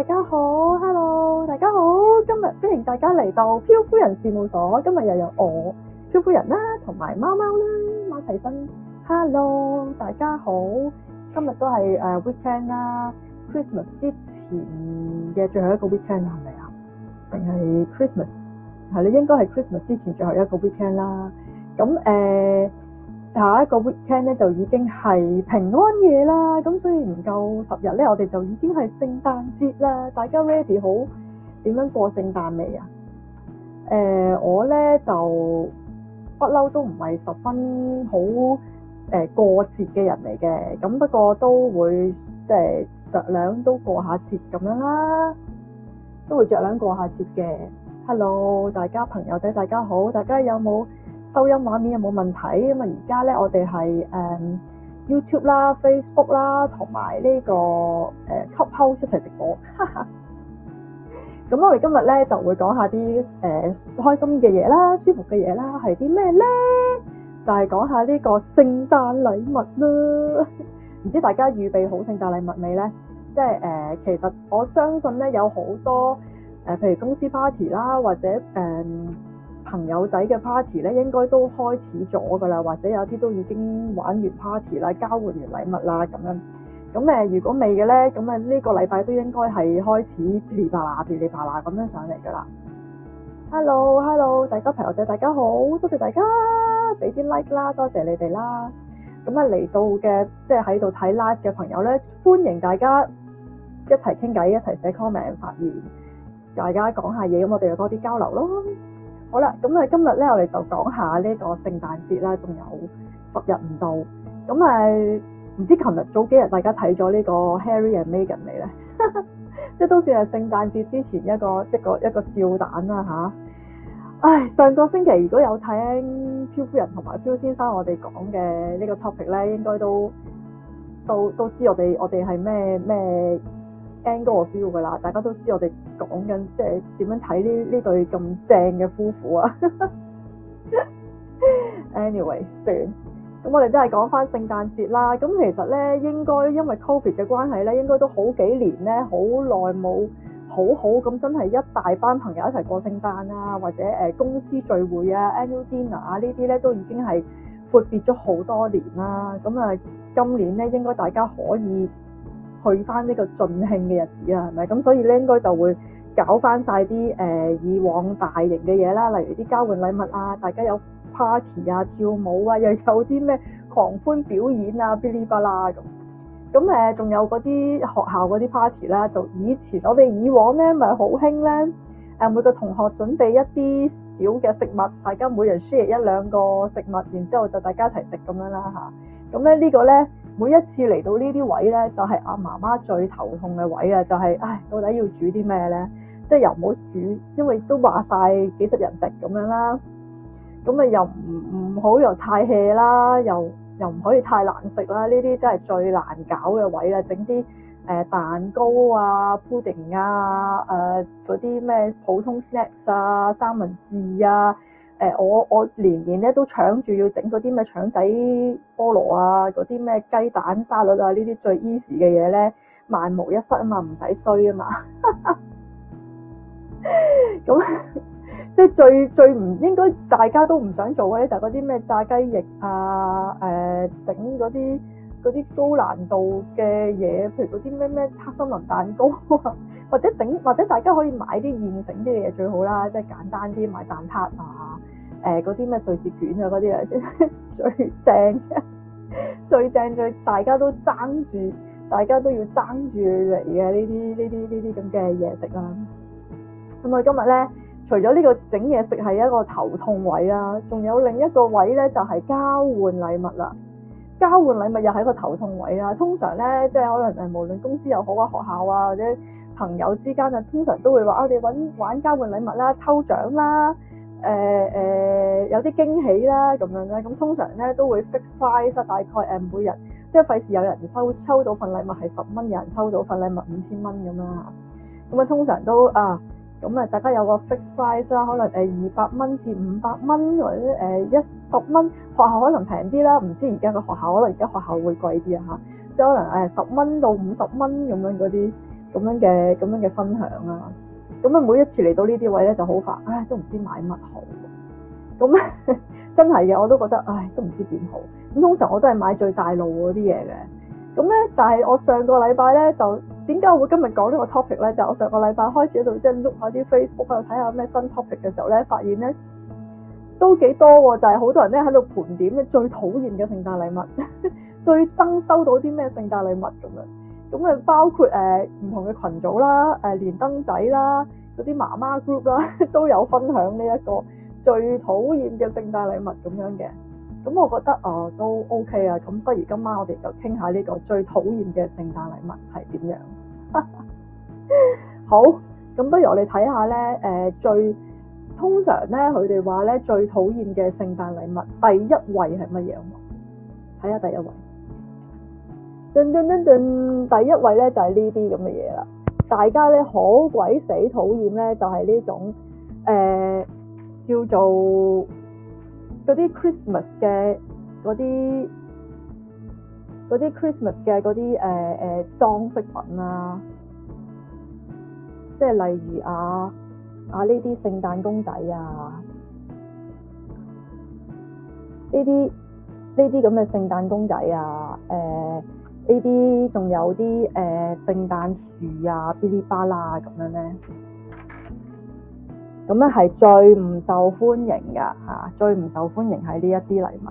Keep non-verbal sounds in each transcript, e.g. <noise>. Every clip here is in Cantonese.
大家好，Hello，大家好，今日歡迎大家嚟到漂夫人事務所，今日又有我漂夫人啦，同埋貓貓啦，貓齊身，Hello，大家好，今日都係誒 Weekend 啦，Christmas 之前嘅最後一個 Weekend 係咪啊？定係 Christmas 係你應該係 Christmas 之前最後一個 Weekend 啦，咁誒。下一個 Weekend 咧就已經係平安夜啦，咁所以唔夠十日咧，我哋就已經係聖誕節啦。大家 ready 好點樣過聖誕未啊？誒、呃，我咧就不嬲都唔係十分好誒、呃、過節嘅人嚟嘅，咁不過都會即係着兩都過下節咁樣啦，都會着兩過下節嘅。Hello，大家朋友仔，大家好，大家有冇？收音畫面有冇問題？咁啊，而家咧我哋係誒 YouTube 啦、Facebook 啦，同埋呢個誒、uh, Top Posters 直播。咁 <laughs> 我哋今日咧就會講一下啲誒、uh, 開心嘅嘢啦、舒服嘅嘢啦，係啲咩咧？就係、係、講下呢個聖誕禮物啦。唔 <laughs> 知大家預備好聖誕禮物未咧？即係誒，uh, 其實我相信咧有好多誒，uh, 譬如公司 party 啦，或者誒。Um, 朋友仔嘅 party 咧，應該都開始咗噶啦，或者有啲都已經玩完 party 啦，交換完禮物啦咁樣。咁誒，如果未嘅咧，咁誒呢個禮拜都應該係開始噼里啪啦、噼里啪啦咁樣上嚟噶啦。Hello，Hello，hello，大家朋友仔，大家好，多謝大家俾啲 like 啦，多謝你哋啦。咁啊嚟到嘅，即係喺度睇 live 嘅朋友咧，歡迎大家一齊傾偈，一齊寫 comment，發言，大家講下嘢，咁我哋又多啲交流咯。好啦，咁啊今日咧，我哋就講下呢個聖誕節啦，仲有十日唔到，咁啊唔知琴日早幾日大家睇咗呢個 Harry and Meghan 未咧？即係都算係聖誕節之前一個一個一個笑彈啦嚇。唉，上個星期如果有睇漂夫人同埋漂先生我哋講嘅呢個 topic 咧，應該都都都知我哋我哋係咩咩。Angle feel 噶啦，大家都知我哋講緊即係點樣睇呢呢對咁正嘅夫婦啊。 <laughs> Anyway，算咁，我哋都係講翻聖誕節啦。咁其實咧，應該因為 Covid 嘅關係咧，應該都好幾年咧，好耐冇好好咁真係一大班朋友一齊過聖誕啊，或者誒、呃、公司聚會啊，Annual Dinner 啊呢啲咧都已經係闊別咗好多年啦。咁啊、呃，今年咧應該大家可以，去翻呢個盡興嘅日子啊，係咪？咁所以咧，應該就會搞翻晒啲誒以往大型嘅嘢啦，例如啲交換禮物啊，大家有 party 啊、跳舞啊，又有啲咩狂歡表演啊，噼哩啪啦咁。咁、啊、誒，仲、呃、有嗰啲學校嗰啲 party 啦、啊，就以前我哋以往咧，咪好興咧。誒、啊，每個同學準備一啲小嘅食物，大家每人 share 一兩個食物，然之後就大家一齊食咁樣啦吓，咁、啊、咧、啊啊這個、呢個咧。每一次嚟到呢啲位咧，就係阿媽媽最頭痛嘅位啊！就係唉，到底要煮啲咩咧？即係又唔好煮，因為都話晒幾十人食咁樣啦。咁啊又唔唔好又太 hea 啦，又又唔可以太難食啦。呢啲真係最難搞嘅位啦。整啲誒蛋糕啊、pudding 啊、誒嗰啲咩普通 snacks 啊、三文治啊。誒、呃、我我連年年咧都搶住要整嗰啲咩腸仔菠蘿啊，嗰啲咩雞蛋沙律啊，易，呢啲最 easy 嘅嘢咧，萬無一失啊嘛，唔使衰啊嘛。咁 <laughs> 即係最最唔應該大家都唔想做咧，就係嗰啲咩炸雞翼啊，誒整嗰啲啲高難度嘅嘢，譬如嗰啲咩咩黑森林蛋糕啊， <laughs> 或者整或者大家可以買啲現成啲嘅嘢最好啦，即係簡單啲買蛋撻啊～誒嗰啲咩瑞士卷啊，嗰啲啊，最正、嘅，最正，最大家都爭住，大家都要爭住嚟嘅呢啲呢啲呢啲咁嘅嘢食啦。同埋今日咧，除咗呢個整嘢食係一個頭痛位啊，仲有另一個位咧就係、是、交換禮物啦。交換禮物又係一個頭痛位啊，通常咧，即係可能誒，無論公司又好啊，學校啊，或者朋友之間啊，通常都會話：我、啊、哋玩，玩交換禮物啦，抽獎啦。誒誒、呃呃、有啲驚喜啦咁樣咧，咁通常咧都會 fix price 啦，大概誒、呃、每日即係費事有人抽抽到份禮物係十蚊，有人抽到份禮物五千蚊咁樣，咁啊通常都啊，咁啊大家有個 fix price 啦，可能誒二百蚊至五百蚊或者誒一十蚊，學校可能平啲啦，唔知而家個學校可能而家學校會貴啲啊嚇，即係可能誒十蚊到五十蚊咁樣嗰啲咁樣嘅咁樣嘅分享啊。咁啊每一次嚟到呢啲位咧就好煩，唉都唔知買乜好。咁真係嘅，我都覺得唉都唔知點好。咁通常我都係買最大路嗰啲嘢嘅。咁咧，但係我上個禮拜咧就點解我會今日講呢個 topic 咧？就我，呢、就是、我上個禮拜開始喺度即係碌下啲 Facebook 喺度睇下咩新 topic 嘅時候咧，發現咧都幾多喎。就係、是、好多人咧喺度盤點最討厭嘅聖誕禮物，最憎收到啲咩聖誕禮物咁樣。咁啊，包括誒唔、呃、同嘅群組啦、誒年燈仔啦、嗰啲媽媽 group 啦、啊，都有分享呢一個最討厭嘅聖誕禮物咁樣嘅。咁我覺得啊、呃，都 OK 啊。咁不如今晚我哋就傾下呢個最討厭嘅聖誕禮物係點樣。 <laughs> 好，咁不如我哋睇下咧，誒、呃、最通常咧，佢哋話咧最討厭嘅聖誕禮物第一位係乜嘢？睇下第一位。噹噹噹噹！第一位咧就係呢啲咁嘅嘢啦。大家咧好鬼死討厭咧，就係、是、呢種誒、呃、叫做嗰啲 Christmas 嘅嗰啲嗰啲 Christmas 嘅嗰啲誒誒、呃、裝、呃、飾品啦、啊，即係例如啊啊呢啲聖誕公仔啊，呢啲呢啲咁嘅聖誕公仔啊，誒、呃。呢啲仲有啲誒聖誕樹啊，噼哩啪啦咁樣咧，咁咧係最唔受歡迎噶嚇，啊，最唔受歡迎係呢一啲禮物。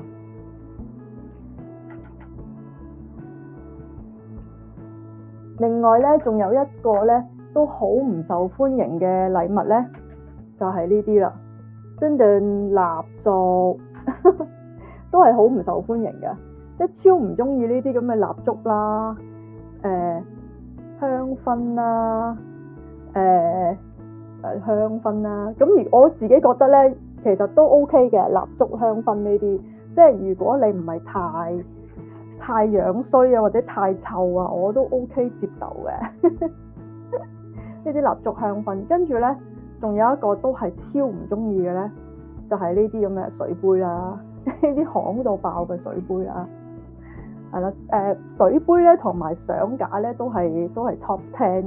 另外咧，仲有一個咧都好唔受歡迎嘅禮物咧，就係呢啲啦，聖誕蠟燭，都係好唔受歡迎噶。即係超唔中意呢啲咁嘅蠟燭啦，誒、呃、香薰啦、啊，誒、呃、誒香薰啦、啊，咁而我自己覺得咧，其實都 OK 嘅蠟燭香薰呢啲，即係如果你唔係太太樣衰啊，或者太臭啊，我都 OK 接受嘅 <laughs> 呢啲蠟燭香薰。跟住咧，仲有一個都係超唔中意嘅咧，就係呢啲咁嘅水杯啦，呢啲行到爆嘅水杯啊！係啦，誒、呃、水杯咧，同埋相架咧，都係都係 Top Ten，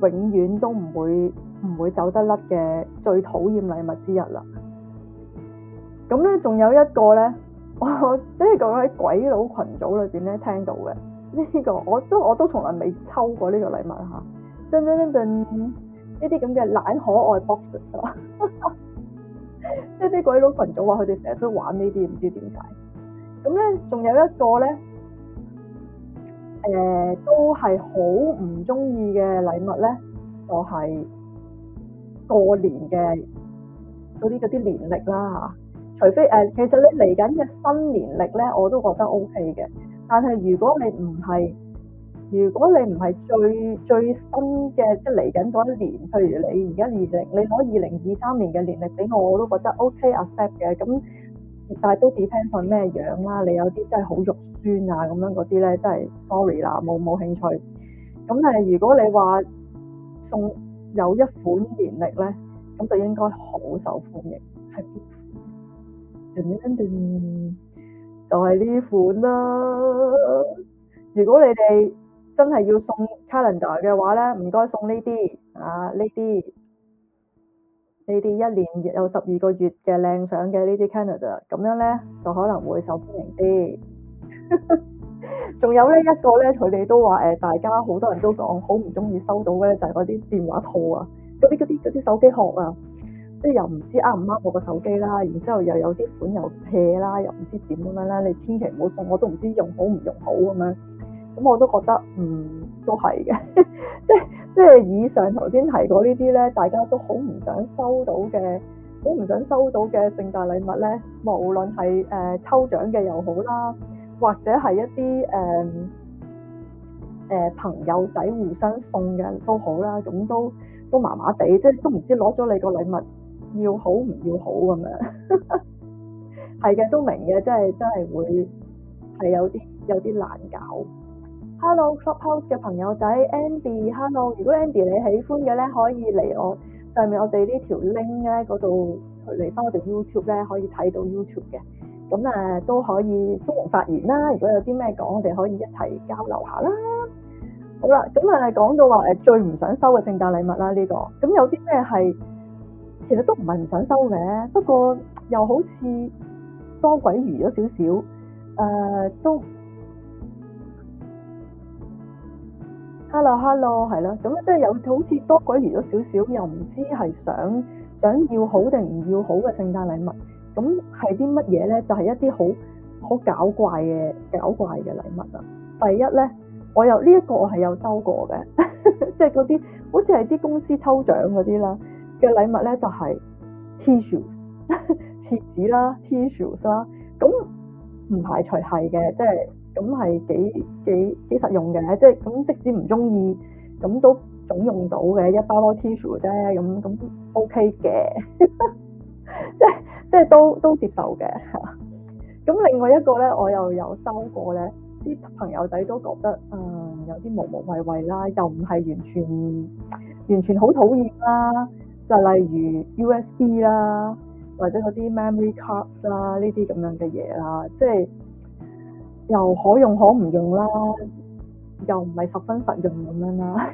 永遠都唔會唔會走得甩嘅最討厭禮物之一啦。咁、嗯、咧，仲有一個咧，我即係講喺鬼佬群組裏邊咧聽到嘅呢個，我都我都從來未抽過呢個禮物嚇。噔噔噔噔，呢啲咁嘅懶可愛 box 啊，即係啲鬼佬群組話佢哋成日都玩呢啲，唔知點解。咁、嗯、咧，仲有一個咧。誒、呃、都係好唔中意嘅禮物咧，就係、是、過年嘅嗰啲啲年歷啦嚇。除非誒、呃，其實你嚟緊嘅新年歷咧，我都覺得 OK 嘅。但係如果你唔係，如果你唔係最最新嘅，即係嚟緊嗰一年，譬如你而家二零，你攞二零二三年嘅年歷俾我，我都覺得 O、OK, K accept 嘅咁。但係都 depends on 咩樣啦，你有啲真係好肉酸啊咁樣嗰啲咧，真係 sorry 啦，冇冇興趣。咁但係，如果你話送有一款年歷咧，咁就應該好受歡迎。係邊邊一款？就係、是、呢款啦。如果你哋真係要送 calendar 嘅話咧，唔該送呢啲啊，呢啲。呢啲一年有十二個月嘅靚相嘅呢啲 calendar 啊，咁樣咧就可能會受歡迎啲。仲 <laughs> 有咧一個咧，佢哋都話誒、呃，大家好多人都講好唔中意收到嘅咧，就係嗰啲電話套啊，嗰啲啲啲手機殼啊，即係又唔知啱唔啱我個手機啦，然之後又有啲款又撇啦，又唔知點咁樣咧，你千祈唔好送，我都唔知用好唔用好咁樣。咁我都覺得，嗯，都係嘅， <laughs> 即即係以上頭先提過呢啲咧，大家都好唔想收到嘅，好唔想收到嘅聖誕禮物咧。無論係誒、呃、抽獎嘅又好啦，或者係一啲誒誒朋友仔互相送嘅都好啦，總都都麻麻地，即係都唔知攞咗你個禮物要好唔要好咁樣。係 <laughs> 嘅，都明嘅，即係真係會係有啲有啲難搞。Hello，ShopHouse 嘅朋友仔 Andy，Hello，如果 Andy 你喜歡嘅咧，可以嚟我上面我哋呢條 link 咧嗰度嚟返我哋 YouTube 咧，可以睇到 YouTube 嘅。咁啊、呃、都可以歡迎發言啦。如果有啲咩講，我哋可以一齊交流下啦。好啦，咁、嗯、啊講到話誒、呃、最唔想收嘅聖誕禮物啦呢、呢個，咁有啲咩係其實都唔係唔想收嘅，不過又好似多鬼餘咗少少誒都。Hello Hello 係咯，咁即係有好似多鬼餘咗少少，又唔知係想想要好定唔要好嘅聖誕禮物，咁係啲乜嘢咧？就係、是、一啲好好搞怪嘅搞怪嘅禮物啊！第一咧，我有呢一個我係有收過嘅，即係嗰啲好似係啲公司抽獎嗰啲啦嘅禮物咧，就係 tissue、廁紙啦、tissue 啦，咁唔排除係嘅，即係。就是咁係幾幾幾實用嘅，即係咁即使唔中意，咁都總用到嘅，一包包 tissue 啫，咁咁 OK 嘅， <laughs> 即係即係都都接受嘅。咁 <laughs> 另外一個咧，我又有收過咧，啲朋友仔都覺得啊、嗯，有啲無無謂謂啦，又唔係完全完全好討厭啦，就是、例如 USB 啦，或者嗰啲 memory cards 啦，呢啲咁樣嘅嘢啦，即係。又可用可唔用啦，又唔係十分實用咁樣啦，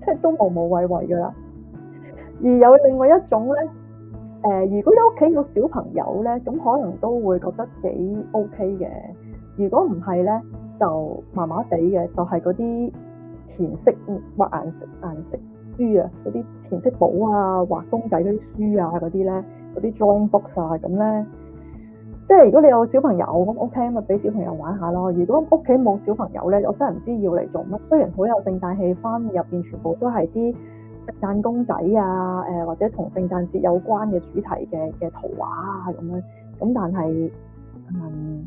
即 <laughs> 係都無無謂謂噶啦。 <laughs> 而有另外一種咧，誒、呃，如果你屋企有小朋友咧，咁可能都會覺得幾 OK 嘅。如果唔係咧，就麻麻地嘅，就係嗰啲填色、畫顏色、顏色書啊，嗰啲填色簿啊、畫公仔嗰啲書啊，嗰啲咧，嗰啲 drawing book 晒、啊、咁咧。即係如果你有小朋友咁，OK 咪俾小朋友玩下咯。如果屋企冇小朋友咧，我真係唔知要嚟做乜。雖然好有聖誕氣氛，入邊全部都係啲聖誕公仔啊，誒、呃、或者同聖誕節有關嘅主題嘅嘅圖畫啊咁樣。咁但係嗯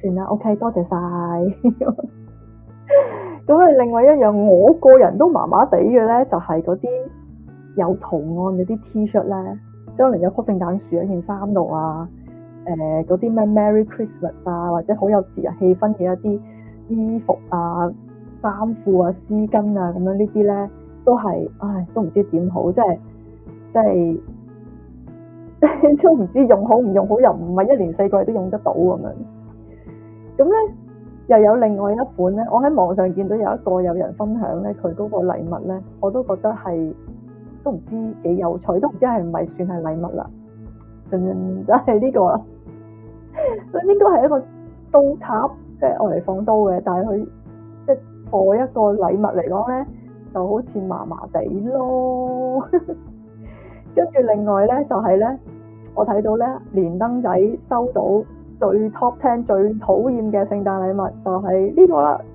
算啦，OK，多謝晒。咁啊，另外一樣我個人都麻麻地嘅咧，就係嗰啲有圖案嗰啲 T-shirt 咧，都係可能有棵聖誕樹喺件衫度啊。誒嗰啲咩、呃、Merry Christmas 啊，或者好有節日氣氛嘅一啲衣服啊、衫褲啊、絲巾啊咁樣呢啲咧，都係唉，都唔知點好，即係即係都唔知用好唔用好，又唔係一年四季都用得到咁樣。咁咧又有另外一款咧，我喺網上見到有一個有人分享咧，佢嗰個禮物咧，我都覺得係都唔知幾有趣，都唔知係唔係算係禮物啦，仲、嗯、就係呢個啦。所以應該係一個刀插，即係我嚟放刀嘅。但係佢即係我一個禮物嚟講咧，就好似麻麻地咯。跟 <laughs> 住另外咧，就係、是、咧，我睇到咧，連登仔收到最 top ten 最討厭嘅聖誕禮物就係、是、呢個啦。 <laughs>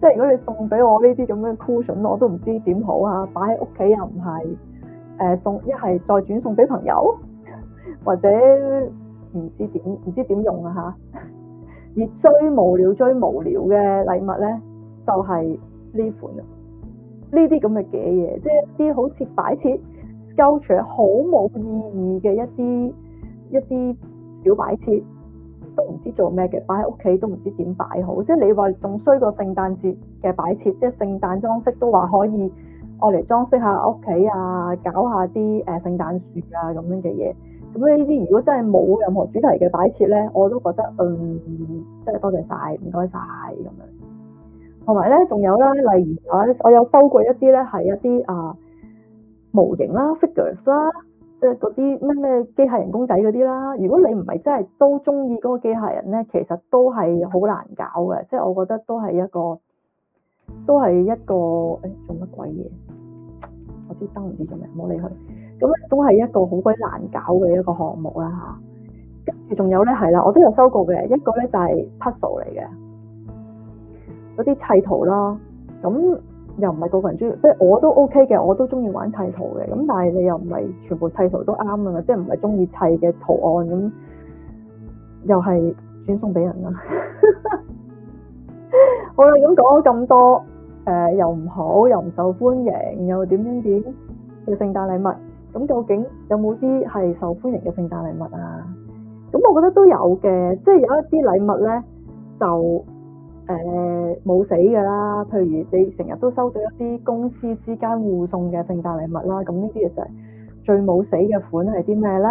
即係如果你送俾我呢啲咁嘅 cushion，我都唔知點好啊！擺喺屋企又唔係誒送，一係再轉送俾朋友。或者唔知點唔知點用嚇、啊，而最無聊、最無聊嘅禮物咧，就係、是、呢款啦。呢啲咁嘅嘅嘢，即、就、係、是、一啲好似擺設交出好冇意義嘅一啲一啲小擺設，都唔知做咩嘅，擺喺屋企都唔知點擺好。即、就、係、是、你話仲衰過聖誕節嘅擺設，即、就、係、是、聖誕裝飾都話可以攞嚟裝飾下屋企啊，搞一下啲誒、呃、聖誕樹啊咁樣嘅嘢。咁呢啲如果真係冇任何主題嘅擺設咧，我都覺得嗯，真係多謝晒，唔該晒。咁樣。同埋咧，仲有啦。例如我我有收過一啲咧，係一啲啊、呃、模型啦、figures 啦，即係嗰啲咩咩機械人公仔嗰啲啦。如果你唔係真係都中意嗰個機械人咧，其實都係好難搞嘅。即係我覺得都係一個都係一個誒，做、哎、乜鬼嘢？我知登唔見做咩，唔好理佢。咁都係一個好鬼難搞嘅一個項目啦，嚇。跟住仲有咧，係啦，我都有收過嘅一個咧，就係、是、Puzzle 嚟嘅嗰啲砌圖啦。咁、嗯、又唔係個個人中意，即係我都 OK 嘅，我都中意玩砌圖嘅。咁、嗯、但係你又唔係全部砌圖都啱嘅，即係唔係中意砌嘅圖案咁、嗯，又係轉送俾人啦、啊。好啦 <laughs> 咁、嗯、講咗咁多，誒、呃、又唔好，又唔受歡迎，又點點點嘅聖誕禮物。咁究竟有冇啲係受歡迎嘅聖誕禮物啊？咁我覺得都有嘅，即係有一啲禮物咧就誒冇死㗎啦。譬如你成日都收到一啲公司之間互送嘅聖誕禮物啦，咁呢啲其實最冇死嘅款係啲咩咧？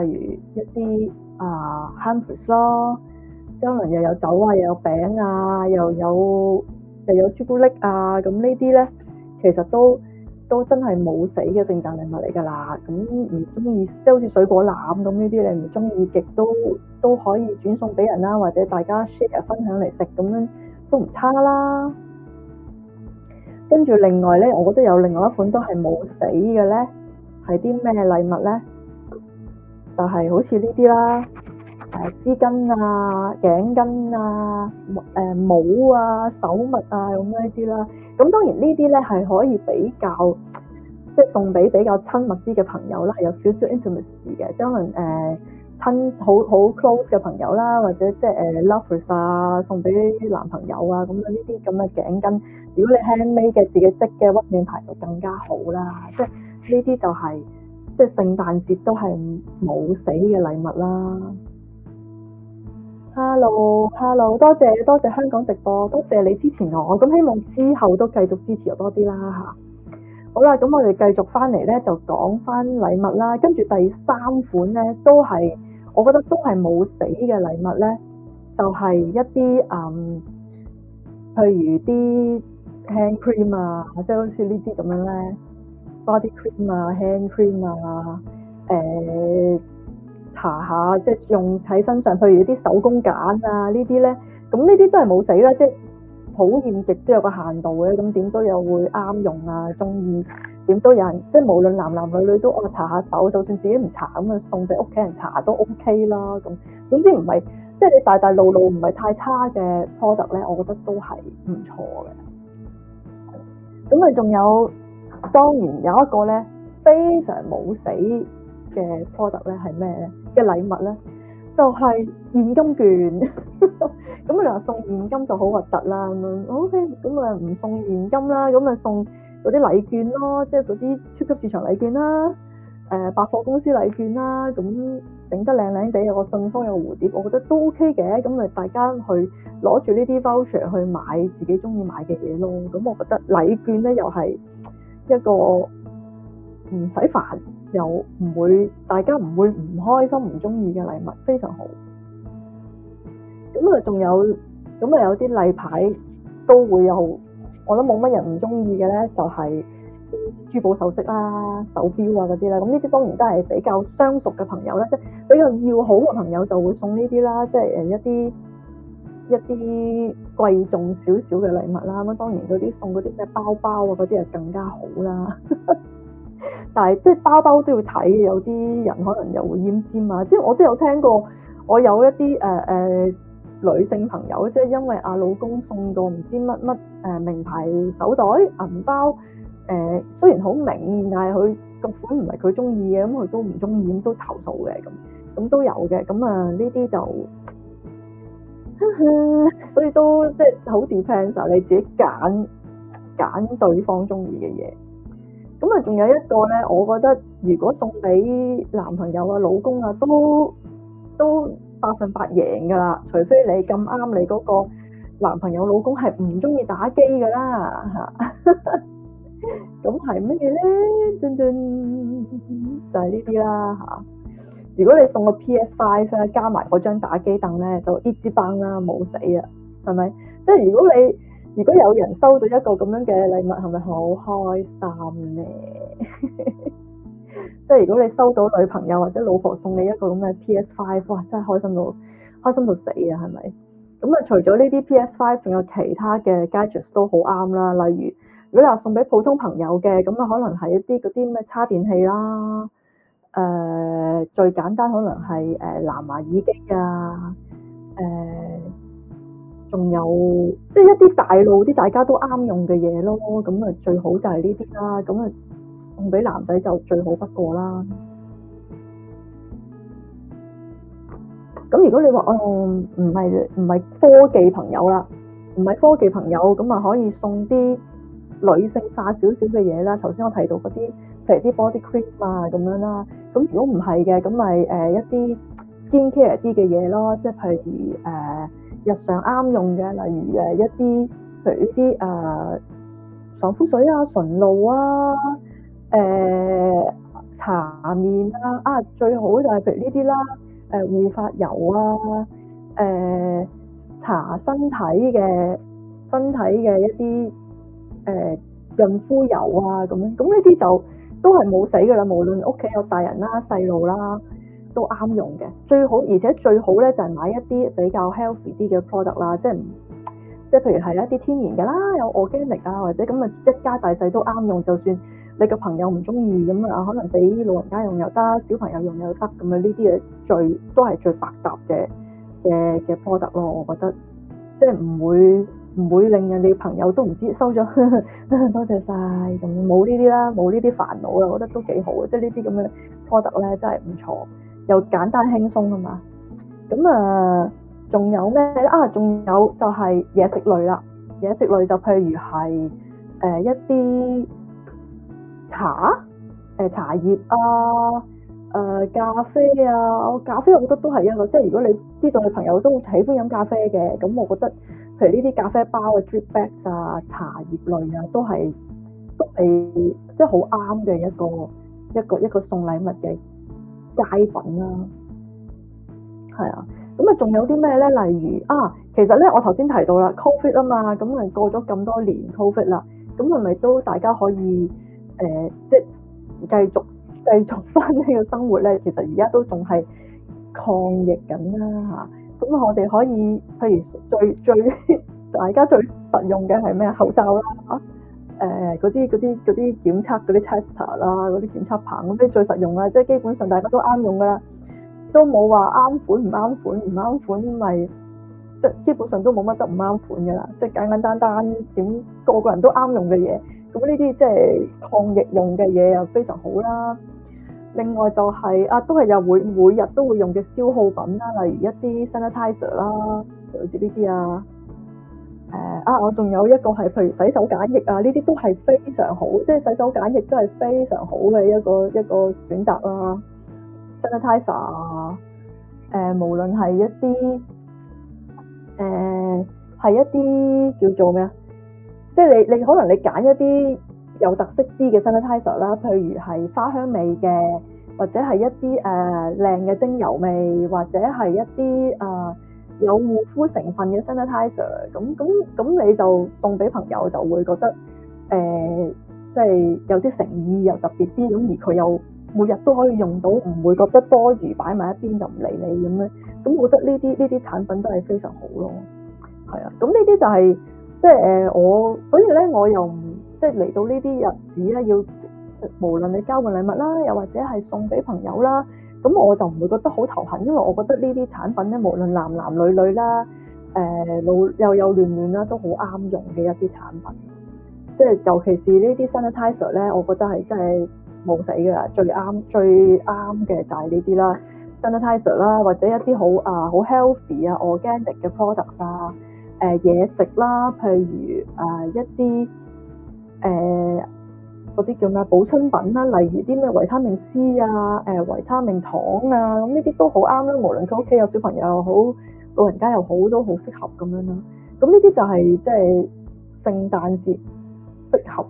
例如一啲啊 hamper 咯，周圍又有酒啊，又有餅啊，又有又有朱古力啊，咁呢啲咧其實都都真係冇死嘅聖誕禮物嚟㗎喇，咁唔中意即係好似水果籃咁呢啲，你唔中意極都都可以轉送俾人啦，或者大家 share 分享嚟食咁樣都唔差啦。跟住另外咧，我覺得有另外一款都係冇死嘅咧，係啲咩禮物咧？就係、是、好似呢啲啦，誒、呃、絲巾啊、頸巾啊、誒、呃、帽啊、手襪啊咁樣呢啲啦。咁當然呢啲咧係可以比較即係送俾比較親密啲嘅朋友啦，係有少少 intimacy 嘅，即可能誒、呃、親好好 close 嘅朋友啦，或者即係誒、呃、lovers 啊，送俾男朋友啊咁樣呢啲咁嘅頸巾，如果你 handmade 嘅自己織嘅溫暖牌就更加好啦，即係呢啲就係、是、即係聖誕節都係冇死嘅禮物啦。hello hello 多謝多謝，香港直播，多謝你支持我，咁希望之後都繼續支持我多啲啦，吓。好啦，咁我哋繼續翻嚟咧就講翻禮物啦。跟住第三款咧都係我覺得都係冇死嘅禮物咧就係、是、一啲誒，譬如啲 hand cream 啊即係、就是、好似呢啲咁樣咧 body cream 啊 hand cream 啊誒、呃查下即係用喺身上，譬如啲手工簡啊呢啲咧，咁呢啲都係冇死啦。即係討厭極都有個限度嘅，咁點都有會啱用啊，中意點都有人。即係無論男男女女都我查下手，就算自己唔查咁啊，送俾屋企人查都 OK 啦。咁總之唔係即係你大大路路唔係太差嘅 product 咧，我覺得都係唔錯嘅。咁啊，仲有當然有一個咧非常冇死嘅 product 咧係咩咧？嘅禮物咧，就係現金券。咁你話送現金就好核突啦。咁樣，OK，咁啊唔送現金啦，咁啊送嗰啲禮券咯，即係嗰啲超級市場禮券啦，誒百貨公司禮券啦，咁整得靚靚地，有個信封有蝴蝶，我覺得都 OK 嘅。咁啊，大家去攞住呢啲 voucher 去買自己中意買嘅嘢咯。咁我覺得禮券咧又係一個唔使煩。有唔會大家唔會唔開心唔中意嘅禮物非常好，咁啊仲有，咁啊有啲例牌都會有，我諗冇乜人唔中意嘅咧，就係、是、珠寶首飾啦、手錶啊嗰啲啦，咁呢啲當然都係比較相熟嘅朋友啦，即、就、係、是、比較要好嘅朋友就會送呢啲啦，即係誒一啲一啲貴重少少嘅禮物啦，咁當然嗰啲送嗰啲咩包包啊嗰啲啊更加好啦。 <laughs> 但係即係包包都要睇，有啲人可能又會奄尖啊！即係我都有聽過，我有一啲誒誒女性朋友，即係因為阿老公送個唔知乜乜誒名牌手袋、銀包，誒、呃、雖然好明，但係佢個款唔係佢中意嘅，咁佢都唔中意，都投訴嘅咁，咁都有嘅。咁啊呢啲就呵呵，所以都即係好 depend 嘅，你自己揀揀對方中意嘅嘢。咁啊，仲有一個咧，我覺得如果送俾男朋友啊、老公啊，都都百分百贏噶啦，除非你咁啱你嗰個男朋友、老公係唔中意打機噶啦嚇。咁係咩咧？俊 <laughs> 俊就係呢啲啦嚇。如果你送個 PS Five、啊、加埋嗰張打機凳咧，就一級棒啦，冇死啊，係咪？即係如果你。如果有人收到一個咁樣嘅禮物，係咪好開心咧？ <laughs> 即係如果你收到女朋友或者老婆送你一個咁嘅 PS Five，哇！真係開心到開心到死啊，係咪？咁啊，除咗呢啲 PS Five，仲有其他嘅 Gadgets 都好啱啦。例如，如果你話送俾普通朋友嘅，咁啊，可能係一啲嗰啲咩插電器啦，誒、呃，最簡單可能係誒、呃、藍牙耳機啊，誒、呃。仲有即係一啲大路啲大家都啱用嘅嘢咯，咁啊最好就係呢啲啦。咁啊送俾男仔就最好不過啦。咁如果你話，哦，唔係唔係科技朋友啦，唔係科技朋友，咁啊可以送啲女性化少少嘅嘢啦。頭先我提到嗰啲譬如啲 body cream 啊，咁樣啦。咁如果唔係嘅，咁咪誒一啲 skin care 啲嘅嘢咯，即係譬如誒。呃日常啱用嘅，例如誒一啲，譬如呢啲誒爽膚水啊、純露啊、誒、呃、搽面啦、啊，啊最好就係譬如呢啲啦，誒、呃、護髮油啊、誒、呃、搽身體嘅身體嘅一啲誒、呃、潤膚油啊咁樣，咁呢啲就都係冇死噶啦，無論屋企有大人啦、啊、細路啦。都啱用嘅，最好而且最好咧就係買一啲比較 healthy 啲嘅 product 啦，即係即係譬如係一啲天然嘅啦，有 organic 啊，或者咁啊一家大細都啱用。就算你個朋友唔中意咁啊，可能俾老人家用又得，小朋友用又得咁啊。呢啲嘢最都係最百搭嘅嘅嘅 product 咯，我覺得即係唔會唔會令人哋朋友都唔知收咗 <laughs> 多謝晒咁冇呢啲啦，冇呢啲煩惱啦，我覺得都幾好嘅，即係呢啲咁嘅 product 咧真係唔錯。又簡單輕鬆啊嘛，咁、呃、啊，仲有咩啊？仲有就係嘢食類啦，嘢食類就譬如係誒、呃、一啲茶、誒、呃、茶葉啊、誒、呃、咖啡啊，咖啡我覺得都係一個，即係如果你知道嘅朋友都喜歡飲咖啡嘅，咁我覺得譬如呢啲咖啡包啊、drip bags 啊、茶葉類啊，都係都係即係好啱嘅一個一個一個，一個送禮物嘅。街品啦，係啊，咁啊仲有啲咩咧？例如啊，其實咧我頭先提到啦，COVID 啊嘛，咁啊過咗咁多年 COVID 啦，咁係咪都大家可以誒、呃、即係繼續繼續返呢個生活咧？其實而家都仲係抗疫緊啦、啊，咁我哋可以譬如最最大家最實用嘅係咩啊？口罩啦啊！誒嗰啲嗰啲嗰啲檢測嗰啲 tester 啦，嗰啲檢測棒咁樣最實用啊！即係基本上大家都啱用噶啦，都冇話啱款唔啱款，唔啱款咪即基本上都冇乜得唔啱款噶啦。即係簡簡單單點個個人都啱用嘅嘢。咁呢啲即係抗疫用嘅嘢又非常好啦。另外就係、是、啊，都係又會每日都會用嘅消耗品啦，例如一啲 sanitizer 啦，就好似呢啲啊。誒啊！我仲有一個係譬如洗手梘液啊，呢啲都係非常好，即係洗手梘液都係非常好嘅一個一個選擇啦。sanitizer 啊誒無論係一啲誒係一啲叫做咩啊？即係你你可能你揀一啲有特色啲嘅 sanitizer 啦，譬如係花香味嘅，或者係一啲誒靚嘅精油味，或者係一啲誒。呃有護膚成分嘅 sanitizer，咁咁咁你就送俾朋友就會覺得，誒，即係有啲誠意又特別啲，咁而佢又每日都可以用到，唔會覺得多餘擺埋一邊就唔理你咁咧，咁我覺得呢啲呢啲產品都係非常好咯。係啊，咁呢啲就係即係誒我，所以咧我又唔即係嚟到呢啲日子咧，要無論你交換禮物啦，又或者係送俾朋友啦。咁我就唔會覺得好頭痕，因為我覺得呢啲產品咧，無論男男女女啦，誒、呃、老幼幼嫩嫩啦，都好啱用嘅一啲產品。即係尤其是呢啲 sanitizer 咧，我覺得係真係冇死噶啦，最啱最啱嘅就係呢啲啦，sanitizer 啦，或者一啲好啊好 healthy 啊 organic 嘅 product 啊，誒、呃、嘢、呃、食啦，譬如啊、呃、一啲誒。呃嗰啲叫咩補充品啦，例如啲咩維他命 C 啊、誒、呃、維他命糖啊，咁呢啲都好啱啦。無論佢屋企有小朋友又好，老人家又好，都好適合咁樣啦、啊。咁呢啲就係即係聖誕節適合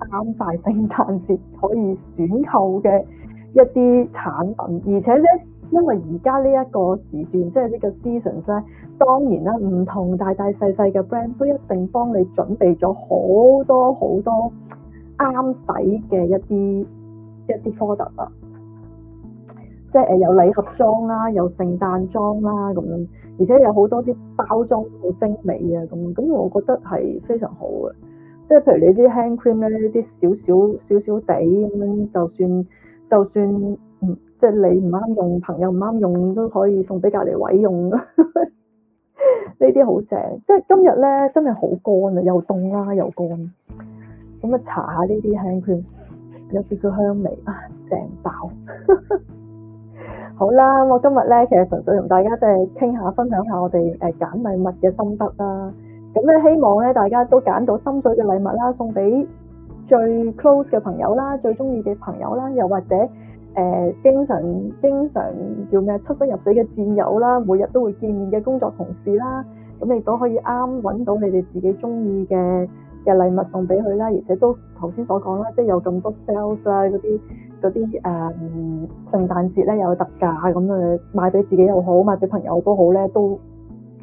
啱晒聖誕節可以選購嘅一啲產品，而且咧，因為而家呢一個時段，即係呢個 season 咧，當然啦，唔同大大細細嘅 brand 都一定幫你準備咗好多好多。啱使嘅一啲一啲 product 啊，即係誒有禮盒裝啦，有聖誕裝啦咁樣，而且有好多啲包裝好精美啊咁，咁我覺得係非常好嘅。即係譬如你啲 hand cream 咧，呢啲少少少少地咁樣，就算就算嗯，即係你唔啱用，朋友唔啱用都可以送俾隔籬位用。呢啲好正，即係今日咧真係好乾啊，又凍啦又乾。咁啊，查、嗯、下呢啲香圈，有少少香味啊，正爆！ <laughs> 好啦，我、嗯、今日咧，其實純粹同大家即係傾下，分享下我哋誒揀禮物嘅心得啦。咁、嗯、咧，希望咧大家都揀到心水嘅禮物啦，送俾最 close 嘅朋友啦，最中意嘅朋友啦，又或者誒、呃，經常經常叫咩出得入水嘅戰友啦，每日都會見面嘅工作同事啦，咁你都可以啱搵到你哋自己中意嘅。嘅禮物送俾佢啦，而且都頭先所講啦，即係有咁多 sales 啦，嗰啲嗰啲誒聖誕節咧有特價咁樣，買俾自己又好，買俾朋友都好咧，都唔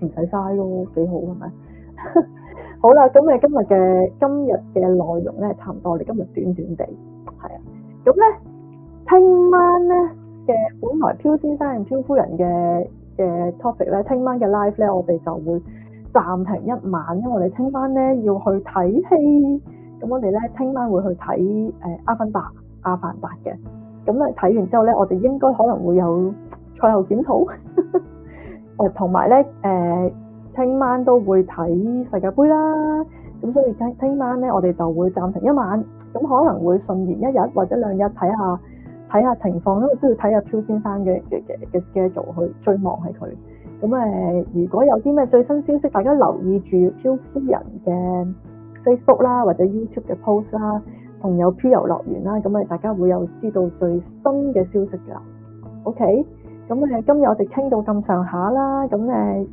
使嘥咯，幾好係咪？ <laughs> 好啦，咁誒今日嘅今日嘅內容咧差唔多，我哋今日短短地係啊，咁咧聽晚咧嘅本來漂先生、漂、嗯、夫人嘅嘅 topic 咧，聽晚嘅 live 咧，我哋就會。暫停一晚，因為我哋聽晚咧要去睇戲，咁我哋咧聽晚會去睇誒、呃《阿凡達》阿達《阿凡達》嘅，咁咧睇完之後咧，我哋應該可能會有賽後檢討，同埋咧誒聽晚都會睇世界盃啦，咁所以聽聽晚咧我哋就會暫停一晚，咁可能會順延一日或者兩日睇下睇下情況，因為都要睇下邱先生嘅嘅嘅 schedule 去追望係佢。咁誒，如果有啲咩最新消息，大家留意住漂夫人嘅 Facebook 啦，或者 YouTube 嘅 post 啦，同有漂遊樂園啦，咁誒大家會有知道最新嘅消息㗎。OK，咁誒今日我哋傾到咁上下啦，咁誒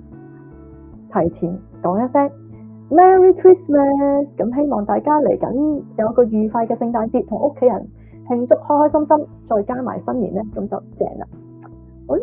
提前講一聲 Merry Christmas，咁希望大家嚟緊有個愉快嘅聖誕節，同屋企人慶祝開開心心，再加埋新年咧，咁就正啦。好啦。